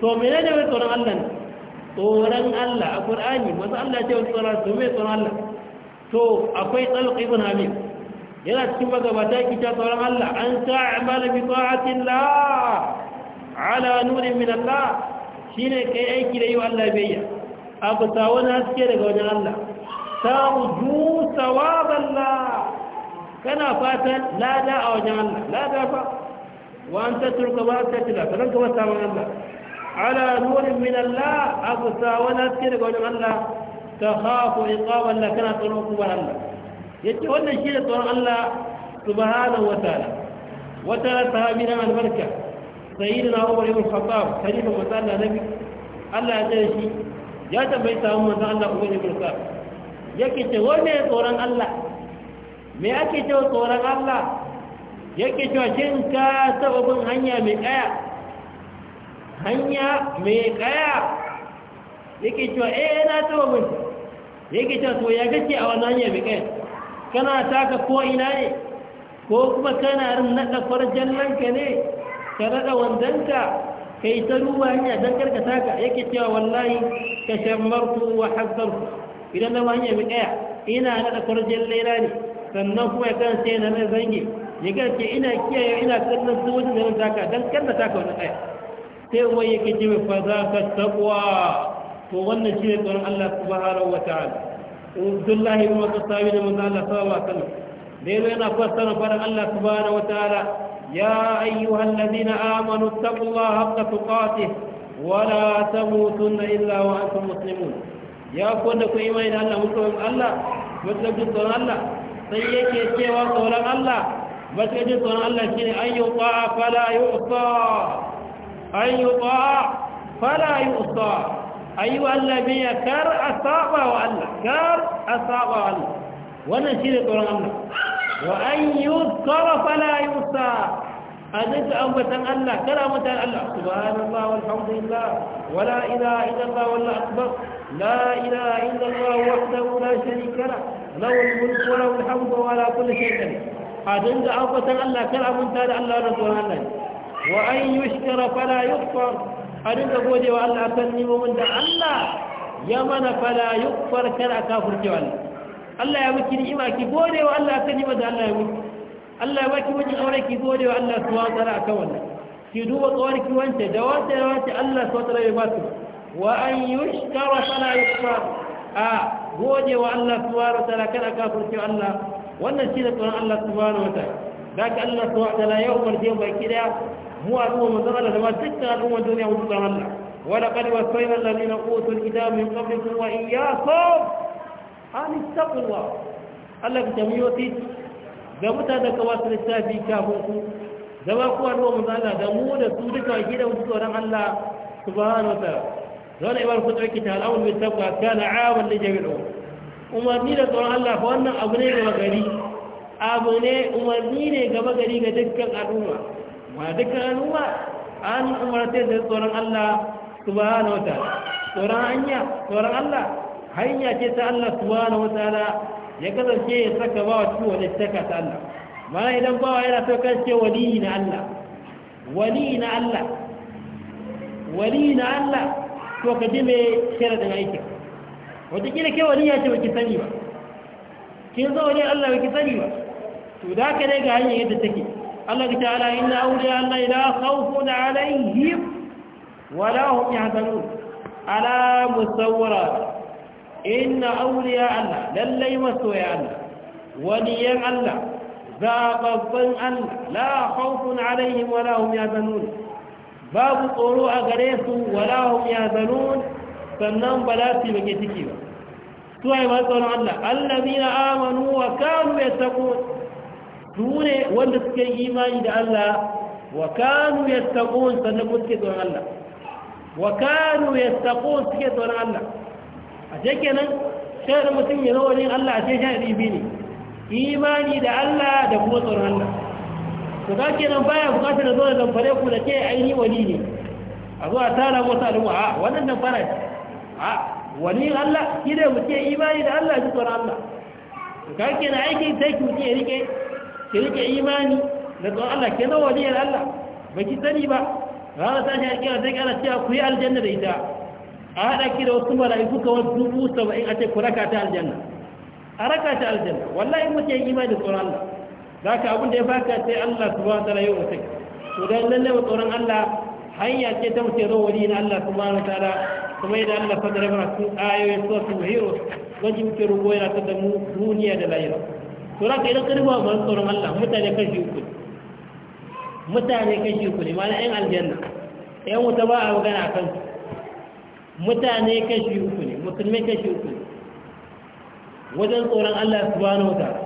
to mene ne mai tsoron Allah ne tsoron Allah a Qur'ani wasu Allah ce wasu tsoron su mai tsoron Allah to akwai tsalq ibn hamid yana cikin magabata ki ta tsoron Allah an amala bi ta'atillah ala nurin min Allah shine kai aiki da yi wa Allah biyayya abu ta wani haske daga wajen Allah tarju sawaballah kana fatan lada a wajen Allah lada fa وأن تترك ما أتت الله فلنك وسام الله على نور من الله أقصى ولا تكرك ولا الله تخاف عقاب الله كان طرق ولا الله يتولى الشيء طرق الله سبحانه وتعالى وتعالى صحابينا البركة سيدنا عمر بن الخطاب خليفة وتعالى نبي الله يتعالى شيء ya tabbata mun manzo Allah ko ne burka yake ce wanne tsoron Allah me ake ce tsoron Allah yake cewa shin ka taba bin hanya mai kaya hanya mai kaya yake cewa eh na taba bin yake cewa to ya gace a wannan hanya mai kaya kana taka ko ina ne ko kuma kana rin naɗa farjan lanka ne ka naɗa wandonka ka yi ta duba hanya don karka taka yake cewa wallahi ka shammartu wa hazzar idan na hanya mai kaya ina naɗa farjan lera ne sannan kuma ya kan sai na zangi ya ga ke ina kiyaye ina kallon su wajen da nan taka dan kalla taka wani aya sai wai yake ce fa za ka taqwa to wannan shi ne tsoron Allah subhanahu wataala Abdullahi ibn Mas'ud da manzo Allah sallallahu alaihi wasallam dai yana fassara faran Allah subhanahu wataala ya ayyuhal ladina amanu taqullaha haqqa tuqatih wala tamutunna illa wa antum muslimun ya kwanda ku imani da Allah mutum Allah mutum tsoron Allah sai yake cewa tsoron Allah ba sai dai tsoron Allah shi ne an yi ta'a fala yi usa an yi ta'a fala yi usa a yi wa Allah biya kar a saba wa Allah kar a saba wa Allah wannan shi ne tsoron Allah wa an yi uskara fala yi usa a zai ta ambatan Allah kar a mutan Allah subhanallah walhamdulillah wala ilaha illallah wallahu akbar لا إله إلا الله وحده لا شريك له له الملك وله الحمد وعلى كل شيء قدير a dinga ambatan Allah kar abunta da Allah da tsoron Allah wa an yi yushkara fala yukfar a dinga wa Allah kan nimomin da Allah ya mana fala yukfar kar a kafurcewa Allah Allah ya miki ni'ima ki wa Allah kan nima da Allah ya miki Allah ya baki wajen aure ki gode wa Allah su wa ta'ala akan wannan ki duba ki wance da wata da wata Allah su wa ta'ala ya ba su wa an yushkara fala yukfar a gode wa Allah subhanahu wa ta'ala kada kafirce Allah wannan shi da tsoron Allah subhanahu wataala da Allah subhanahu wataala ya umarce mu baki daya mu al'umma manzon Allah da dukkan al'umma duniya mu tsoron Allah ولقد وصينا الذين اوتوا الكتاب من قبلكم واياكم an Allah ya tabi wati ga mutanen wasu littafi kafin ku zama kuwa ruwa mu zalla da mu da su duka gida mu tsoron Allah subhanahu wa ta'ala dole ibar ku dauki ta al'amul bil taqwa kana 'awan li jami'u umarni da tsoron Allah fa wannan abu ne gaba gari abu ne umarni ne gaba gari ga dukkan al'umma ba dukkan al'umma an umarta da tsoron Allah subhanahu wataala tsoron hanya tsoron Allah hanya ce ta Allah subhanahu wataala ya kasance ya saka bawa cikin wani saka ta Allah ma idan bawa yana so kasance waliyi na Allah waliyi na Allah waliyi na Allah to ka ji mai shirin aikin wataƙila ke wani ya ce baki sani ba ke zo wani Allah baki sani ba to da ka daga hanyar yadda take Allah ta ta'ala inna awliya Allah la khawfun alaihim wa la hum yahzanun ala musawwara inna awliya Allah lallai maso ya Allah wani waliyan Allah zababban Allah la khawfun alaihim wa la hum yahzanun babu tsoro a gare su wa la hum yahzanun sannan ba za su yi baki ciki ba suwaye masu tsoron Allah allazi na amanu wa kanu ya tako su ne wanda suke imani da Allah wa kanu ya tako sannan kuma suke tsoron Allah wa kanu ya tako suke tsoron Allah a cikin nan, shaidar mutum ya rawanin Allah a cikin shekara ribi ne imani da Allah da kuma tsoron Allah to za ke nan baya bukatar da zo da zamfare ku da ke aini wani ne a zuwa tara mota da a wannan zamfara ce a wani Allah shi ne mutum imani da Allah shi tsoron Allah to ka ke na aiki sai ki mutum ya rike ki rike imani da tsoron Allah ke nan waliyar Allah ba ki sani ba ranar tashi a kira sai kana cewa ku yi aljanna da ita a haɗa ki da wasu mala'iku wasu dubu saba'in a ce ku raka ta aljanna a raka ta aljanna wallahi mutum ya imani da tsoron Allah za ka abin da ya faka sai Allah ba ta ta'ala yau mutum to dan lalle tsoron Allah hanya ce ta mutum ya zo wani na Allah su wa ta'ala kuma yadda Allah fadar mana cikin ayoyin suratul hiro wajin ke rubo yana ta damu mu duniya da layira, to raka idan ka rubo ba tsoron Allah mutane kashi uku mutane kashi uku ne ma'ana yan aljanna yan wuta ba a magana kan mutane kashi uku ne musulmai kashi uku ne wajen tsoron Allah subhanahu wa ta'ala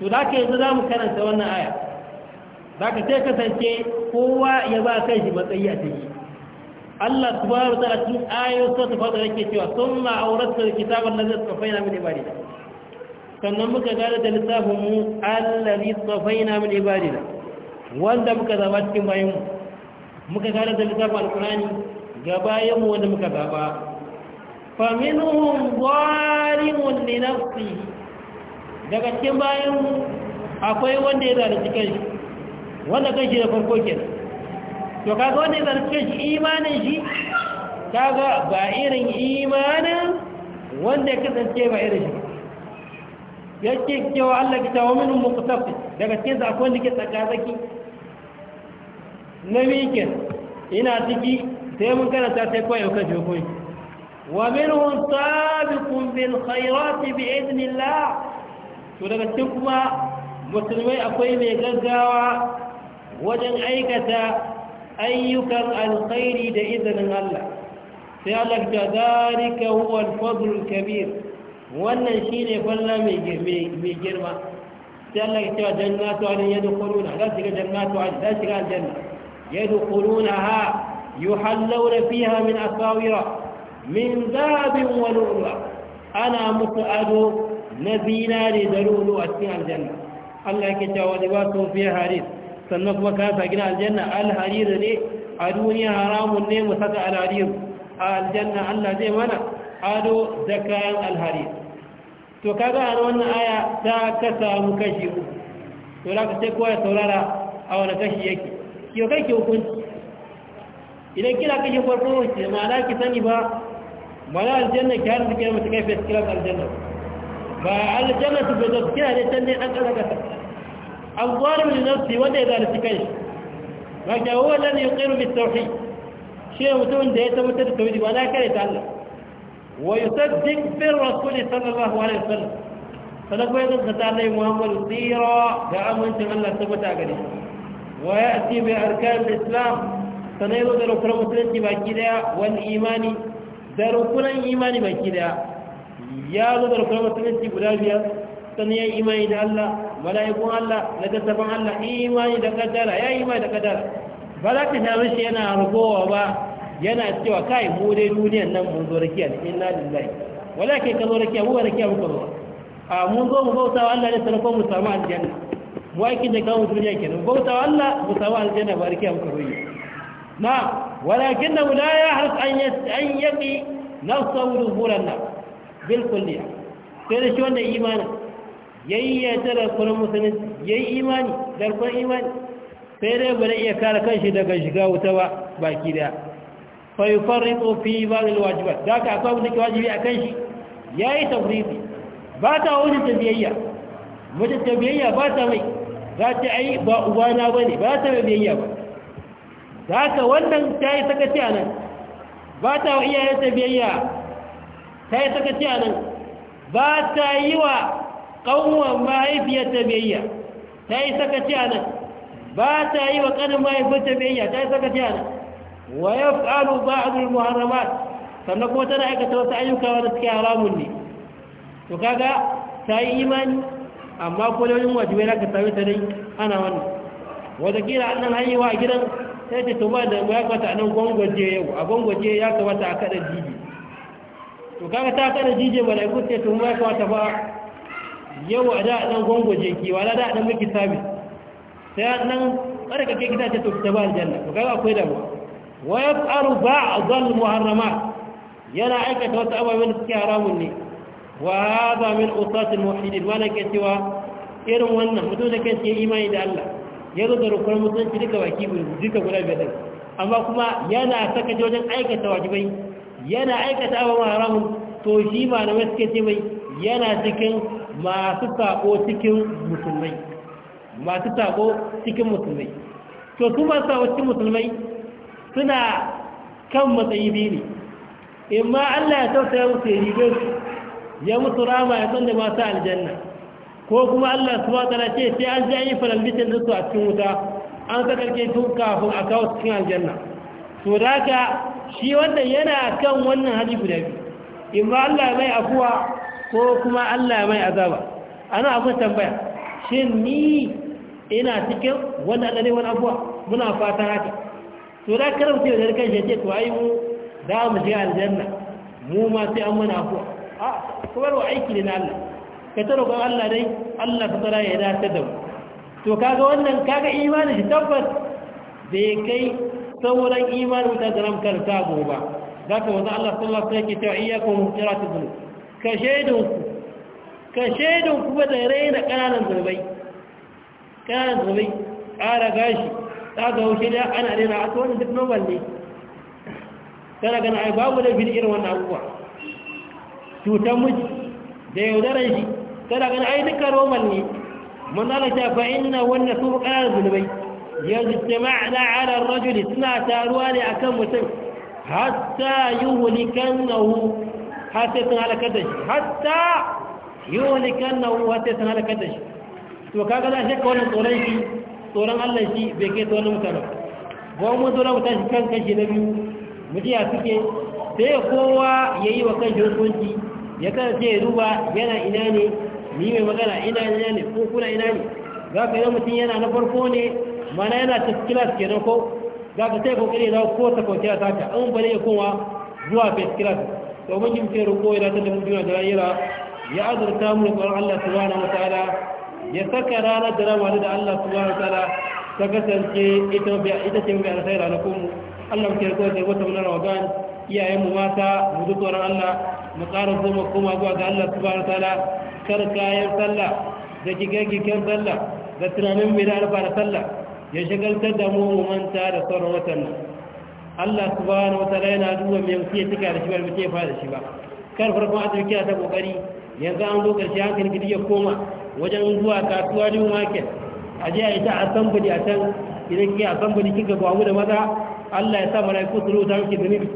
to da ka yanzu za mu karanta wannan aya za ka sai kasance kowa ya ba kai shi matsayi a cikin Allah subhanahu wa ta'ala cikin ayoyin ta fada yake cewa sun ma auratul kitab allazi safaina min ibadina sannan muka gane da lissafin mu allazi safaina min ibadina wanda muka zaba cikin bayin mu muka gane da lissafin alqur'ani ga bayin mu wanda muka zaba fa minhum zalimun li nafsihi daga cikin bayin mu akwai wanda ya zalunci kai wanda shi da farko kenan to kaga wanda ya zarce shi imanin shi kaga ba irin imanin wanda ya kasance ba irin shi ya ce cewa Allah ki tawo minin muqtasid daga cikin sa akwai dake tsakazaki na weekend ina ciki sai mun karanta sai koyo ka je koyi wa minhum sabiqun bil khairati bi idnillah to daga cikin kuma musulmai akwai mai gaggawa wajen aikata ayyukan alkhairi da izinin Allah sai Allah ta zalika huwa al-fadlul kabir wannan shine falla mai mai girma sai Allah ya ce jannatu an yadkhuluna la shiga jannatu an la shiga aljanna yadkhulunaha yuhallawna fiha min asawira min zahabin wa lu'lu'a ana musu ado na zinare da lu'lu'a cikin aljanna Allah ya ce wa libasuhum fiha haris sannan kuma ka sa gina aljanna alharira ne a duniya haramun ne mu saka alharir a aljanna Allah zai mana ado da kayan alharir to kaga a wannan aya ta ka samu kashi uku to za ka sai kowa ya saurara a wani kashi yake yau kai ke hukunci idan kina kashi farko ce ma'ana ki sani ba Ba mana aljanna ki har zuke mutu kai feskilar aljanna ba aljanna su bai zo kina ne can ne an kasa kasa الظالم لنفسه وده ذلك كيش لكن هو الذي يقر بالتوحيد شيء متون ده يتمتد التوحيد ولا كان يتعلم ويصدق بالرسول صلى الله عليه وسلم فلقوا يقول قتال لي مهمل دعم انت من لا تبتع قليل ويأتي بأركان الإسلام فنيرو دلو كرم سلسي باكيدا والإيماني دلو كل باكيدا يالو دلو كرم سلسي بلاجيا sannan ya yi imani da Allah mala'ikun Allah na Allah imani da kaddara ya yi imani da ba za ka yana ba yana cewa kai mu dai duniyan nan mun zo rakiya da inna lillahi wala kai ka zo rakiya mu ba rakiya muka zo a mun zo mu bauta wa Allah ne sarko mu samu aljanna mu aikin da kawo duniya kenan bauta wa Allah mu samu aljanna ba rakiya muka zo na walakin da la ya harf an an yaqi bil kulliya sai da shi wanda imanin yayi yadda da kullum musulunci yayi imani garkon imani sai dai ba iya kare kanshi daga shiga wuta ba baki daya fa yufarriqu fi ba'd alwajibat da ka akwai wanda ke wajibi a kanshi yayi tafriqi ba ta wuce wani tabiyayya mutum biyayya ba ta mai za ta ai ba ubana ba ne. ba ta mai biyayya ba Za ka wannan ta yi sakaci a nan ba ta wa iyayen biyayya ta yi sakaci a nan ba ta yi wa ƙanwar mahaifiyar ta biyayya ta yi sakaci a nan ba ta yi wa ƙanin mahaifiyar ta biyayya ta yi sakaci a nan wa ya fa'alu ba a zuru muharramat sannan kuma tana aikata wasu ayyuka wanda suke haramun ne to kaga ta yi imani amma ko da wani wajibai na ka sami ta dai ana wannan wataƙila an nan hanyewa a gidan sai ta tuba da ya kamata a nan gwangwaje yau a gwangwaje ya kamata a kaɗa jiji to kaga ta kaɗa jiji mala'iku sai tuma ya kamata ba yau a da ɗan gwangwaje ki wala da ɗan miki sabi sai nan ka ke gida ce to ta ba aljanna to kaga akwai da wa ba a zan muharrama yana aikata wasu ababen da suke haramun ne wa ba min usatil muwahhidin na ke cewa irin wannan mutum da kansa ya imani da Allah ya zo da rukun mutunci duka baki duka guda biyar amma kuma yana saka wajen aikata wajibai yana aikata ababen haramun to shi ma na wasu ke ce mai yana cikin masu sako cikin musulmai masu sako cikin musulmai to su masu sako cikin musulmai suna kan matsayi biyu ne in ma Allah ya tausaya musu ya ribe su ya musu rama ya san da masu aljanna ko kuma Allah su wata na ce sai an ji an yi falalbitin da su a cikin wuta an ka karke tun kafin a kawo cikin aljanna to da shi wannan yana kan wannan hali guda biyu in ma Allah mai afuwa ko kuma Allah ya mai azaba ana akwai tambaya shin ni ina cikin wani adane wani abuwa muna fatan haka to da karam ce da kan shece to ai mu za mu je aljanna mu ma sai an mana abuwa a kuma wa aiki ne na Allah ka tara ko Allah dai Allah ka tara ya dace da mu to kaga wannan kaga imanin shi tabbas bai kai sauran imanin mutane da ram karta gobe zaka wanda Allah sallallahu alaihi wasallam yake cewa iyyakum mutiratu dhunub ka shaidinku ka shaidinku ba da raina ƙananan zurbai kananan zurbai ƙara gashi ta ga haushe da ana raina a tsohon duk normal ne tana gana a babu da fi irin wannan abubuwa cutar miji da yaudarar shi tana gana yi duka normal ne manzana ta fa'in na wannan su ƙananan zurbai yanzu jama'ana ala rajuli suna taruwa ne akan mutum hatta yuhlikannahu har sai sun halakar da shi hatta yuhlikan kanna har sai sun halakar da shi to kaga za shakka wannan tsoron shi tsoron Allah shi bai kai tsoron mutane ba mu tsoron mutane shi kan kashi na biyu mutiya suke sai kowa ya yi wa kanshi hukunci ya sai ya duba yana ina ne ni mai magana ina ina ne ko kuna ina ne za ka yi mutum yana na farko ne mana yana ta taskilas kenan ko za ka sai kokari za ko ta kwanciya ta an bane ya koma zuwa feskilas domin sai ko ya ta da duniya da rayira ya azurta mu da Allah subhanahu wataala ya saka ranar da rama da Allah subhanahu wataala ta kasance ita ita ce mai alkhairi ranakum Allah mu roƙo da wata mun Ramadan iyayen mu mata mu zuwa ran Allah mu ƙara zama kuma zuwa ga Allah subhanahu wataala kar kayan sallah da kigagigen sallah da tunanin mai da alfa da sallah ya shagaltar da mu manta da sauran watan nan Allah subhanahu wa ta'ala yana duba me mutum ya tuka da shi ba mutum ya fara da shi ba kar farkon azumi ta kokari yanzu an zo karshe hankali ki ya koma wajen zuwa kasuwa new market a je a yi ta assembly a can idan kike assembly kika ga mu da maza Allah ya sa malaiku su rubuta miki zunubi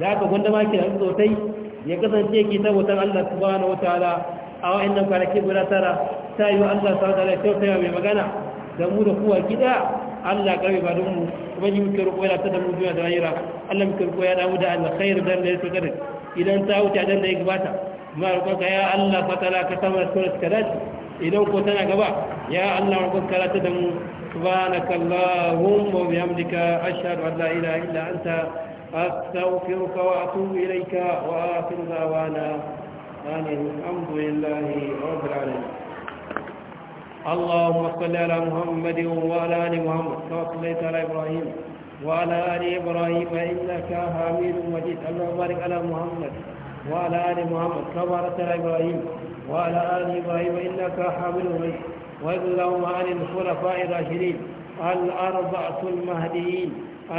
za ka gwanda ma ki da sosai ya kasance ki tabbatar Allah subhanahu wa ta'ala a wa'annan kwanaki guda tara ta yi Allah subhanahu wa ta'ala ya kyautaya mai magana da mu da kowa gida Allah karbe ba don ubangi muke roƙo yana ta da mu duniya da lahira Allah muke roƙo ya damu da alkhair dan da ya so kada idan ta wuce dan da ya gabata ma roƙonka ya Allah fatala ka samu da sunan ka dace idan ko tana gaba ya Allah roƙonka la ta da mu subhanaka allahumma wa bihamdika ashhadu an la ilaha illa anta astaghfiruka wa atubu ilayka wa akhiru da'wana أنا الحمد لله رب العالمين اللهم صل على محمد وعلى ال محمد كما صليت على ابراهيم وعلى ال ابراهيم انك حميد مجيد اللهم بارك على محمد وعلى ال محمد كما باركت على ابراهيم وعلى ال ابراهيم انك حميد مجيد وارض اللهم عن الخلفاء الراشدين الاربعه المهديين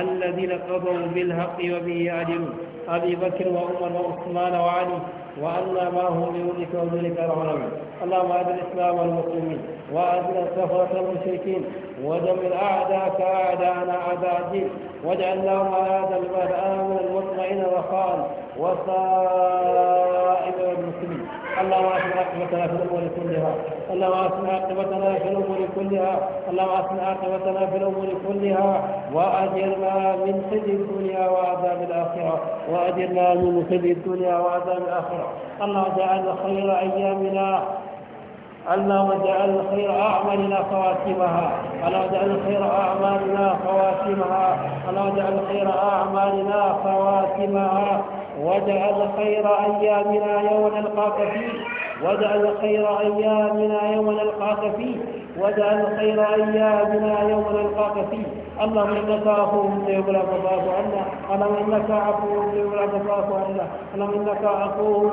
الذين قضوا بالحق وبه يعدلون ابي بكر وعمر وعثمان وعلي وعنا ما هو بولك وجلك العلماء اللهم أعد الإسلام والمسلمين وأعد كفرة المشركين ودمر أعداءك أعداءنا أعداء الدين واجعل لهم هذا البلد آمنا مطمئنا رخاء وصائما المسلمين اللهم احسن عاقبتنا في الامور كلها اللهم احسن عاقبتنا في الامور كلها اللهم احسن عاقبتنا في الامور كلها واجرنا من خزي الدنيا وعذاب الاخره واجرنا من خزي الدنيا وعذاب الاخره اللهم جعل خير ايامنا اللهم اجعل خير اعمالنا خواتمها اللهم اجعل خير اعمالنا خواتمها اللهم اجعل خير اعمالنا خواتمها واجعل خير أيامنا يوم نلقاك فيه واجعل خير أيامنا يوم نلقاك فيه واجعل خير أيامنا يوم نلقاك فيه اللهم إنك عفو لا تضاف عنا اللهم إنك عفو لا تضاف عنا اللهم إنك عفو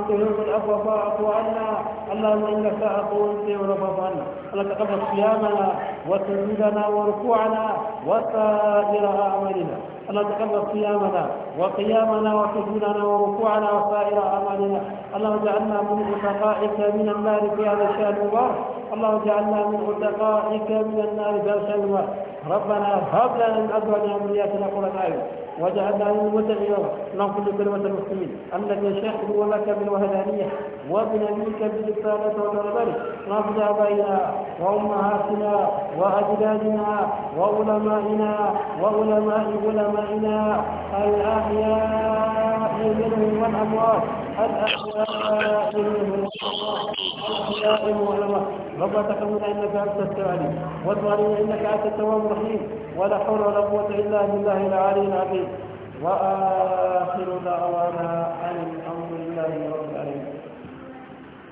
لا تضاف عنا اللهم إنك عفو لا تضاف عنا اللهم تقبل صيامنا وتزيدنا وركوعنا وسائر أعمالنا الله تقبل صيامنا وقيامنا وسجودنا وركوعنا وسائر أعمالنا الله اجعلنا من عتقائك من النار في هذا الشهر المبارك الله اجعلنا من عتقائك من النار في هذا الشهر المبارك ربنا هب لنا من أزواجنا وذرياتنا قرة أعين واجعلنا للمتقين نغفر لكلمة المسلمين التي شهدوا لك بالوهدانية وبنبيك بالرسالة والرسالة نغفر آبائنا وأمهاتنا وأجدادنا وعلمائنا وعلماء علمائنا الأحياء الأحياء منهم والأموات الأحياء منهم والأموات الأحياء منهم والأموات ربنا تقبل إنك أنت السؤالي واتوالي إنك أنت التواب الرحيم ولا حول ولا قوة إلا بالله العلي العظيم وآخر دعوانا أن الحمد لله رب